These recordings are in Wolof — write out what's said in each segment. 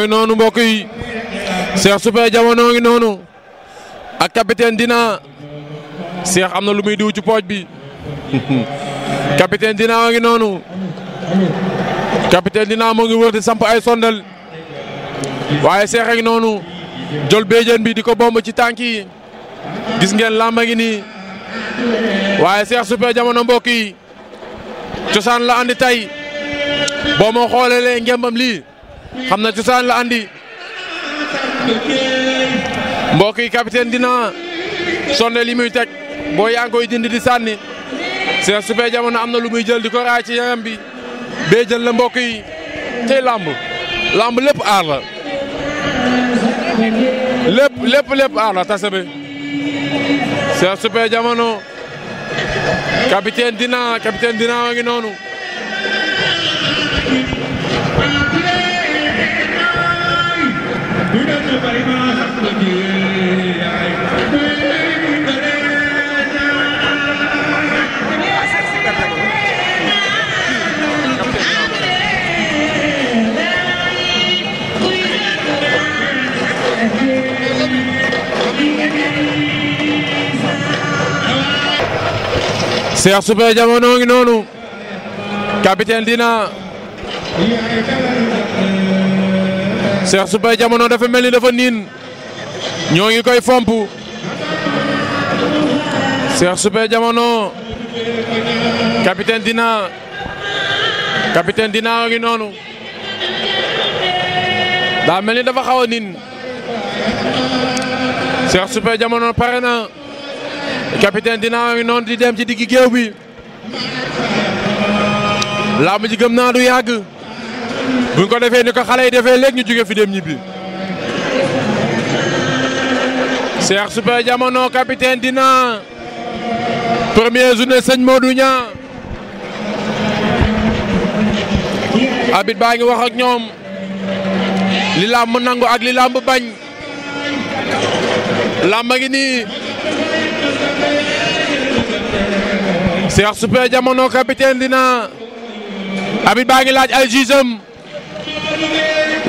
ngi noonu mbokk yi Cheikh Super Diamono ngi noonu ak capitaine Dina Cheikh am na lu muy diw ci pooj bi capitaine Dina ngi noonu capitaine dinaa moo ngi wër samp ay sondal waaye Cheikh a ngi noonu jël béjjén bi di ko bomb ci tànk yi gis ngeen lamba ngi nii waaye Cheikh Super Diamono mbokk yi cosaan la andi tey boo ma xoolee ngembam lii. am na cosaan la andi mbokk yi capitaine dina sonne li muy teg boo yaa ngi koy dindi di sànni Cheikh Super Diamono am na lu muy jël di ci yaram bi bee jël la mbokk yi tey làmb lépp aar lépp lépp lépp aar la tase bi Cheikh Super Diamono capitaine dina capitaine dina wa ngi noonu Cheikh Super Diamono ngi noonu capitaine dina Cheikh Super Diamono dafa mel ni dafa niin ñoo ngi koy fomp Cheikh Super Diamono capitaine dina capitaine dina ngi noonu daa mel ni dafa xaw a niin Cheikh Super Diamono pare na capitaine Dynamo ngi noonu di dem ci diggi géew bi làmb ji gëm naa du yàgg buñ ko defee ni ko xale yi defee léegi ñu jóge fi dem ñibbi Cheikh Super Diamono capitaine Dynamo première journée sëñ Modou Niang abit baa ngi wax ak ñoom li làmb nangu ak li làmb bañ làmb ngi nii Cheikh Super Diamono capitaine dina abit baa ngi laaj ay jugeem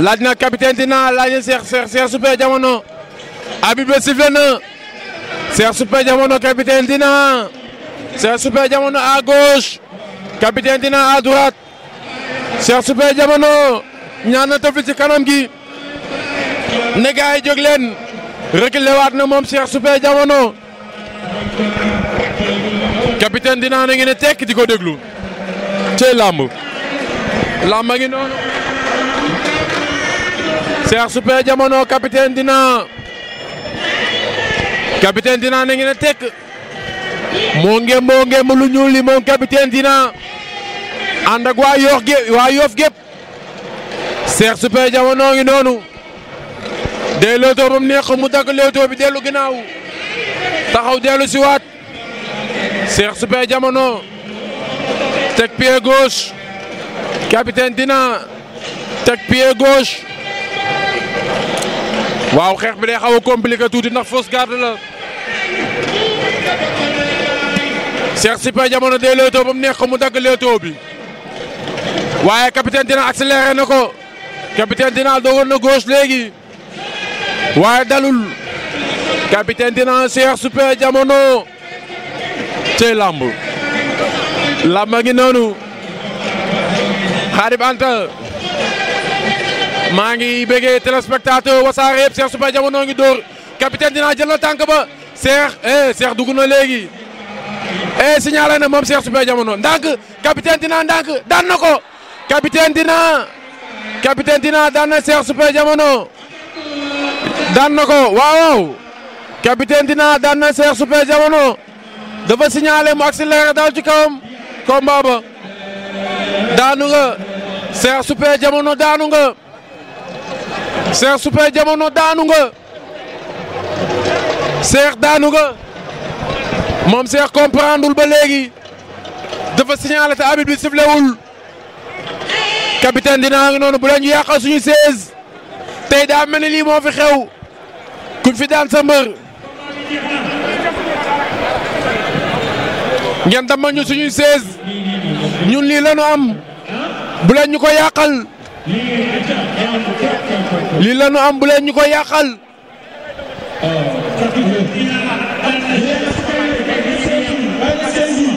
laaj na capitaine dina laaj na Cheikh Cheikh Super Diamono abit ba sifflé na Cheikh Super Diamono capitaine dina Cheikh Super Diamono à gauche capitaine dina à droite Cheikh Super Diamono ñaan na ci kanam gi ne gaay jóg leen reculé waat na moom Cheikh Super Diamono capitaine dinaa na ngi ne tekk di ko déglu cey làmb làmb a ngi noonu Cheikh Super Diamono capitaine dinaa capitaine dinaa na ngi ne tekk moo ngem moo lu ñuul li moom capitaine dinaa ànd ak waa yoof gépp waa yoof gépp ngi noonu day leetoo ba mu neex mu dagg leetoo bi dellu ginnaaw taxaw dellu si waat Cheikh Super Diamono teg pied gauche capitaine Dina teg pied gauche waaw xeex bi day xaw a compliqué tuuti ndax fausse garde la Cheikh Super Diamono day leetoo ba mu neex ko mu dagg leetoo waaye capitaine Dina accéléré na ko capitaine Dina dogoon na gauche léegi waaye dalul capitaine Dina Cheikh Super Diamono. cey làmb làmb ngi noonu Xadim Anta maa ngi bëggee téléspectateur Wassare yëpp Cheikh Super Diamono ngi dóor capitaine dinaa jël na tànk ba Cheikh eh Cheikh dugg na léegi eh signalé na moom Cheikh Super Diamono ndànk capitaine dinaa ndànk daan na ko capitaine dinaa capitaine dinaa daan na Cheikh Super Diamono daan na ko waaw waaw capitaine dinaa daan na Cheikh dafa signalé mu accéléré daal ci kawam combat ba daanu nga Cheikh Super Diamono daanu nga Cheikh Super Diamono daanu nga Cheikh daanu nga moom Cheikh comprendreul ba léegi dafa signalé te arbitre bi siflewul capitaine dinaa ngi noonu bu leen ñu yàqal suñu tey daa ni lii moo fi xew kuñ fi ngeen damal ñu suñuy seize ñun lii lañu am bu leen ñu ko yàqal lii lañu am bu leen ñu ko yàqal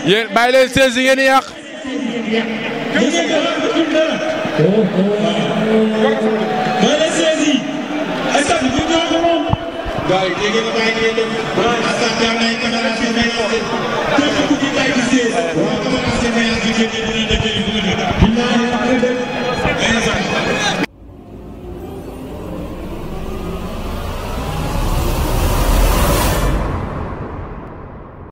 yéen bàyyi leen seize yi ngeen yàq gars yi dégg nga gars yi dégg nga. Assane Diagne lay gën a rafetlu ay séen. képp ku ci bàyyi séen. waaw dama la séen ay séen dina dëgg.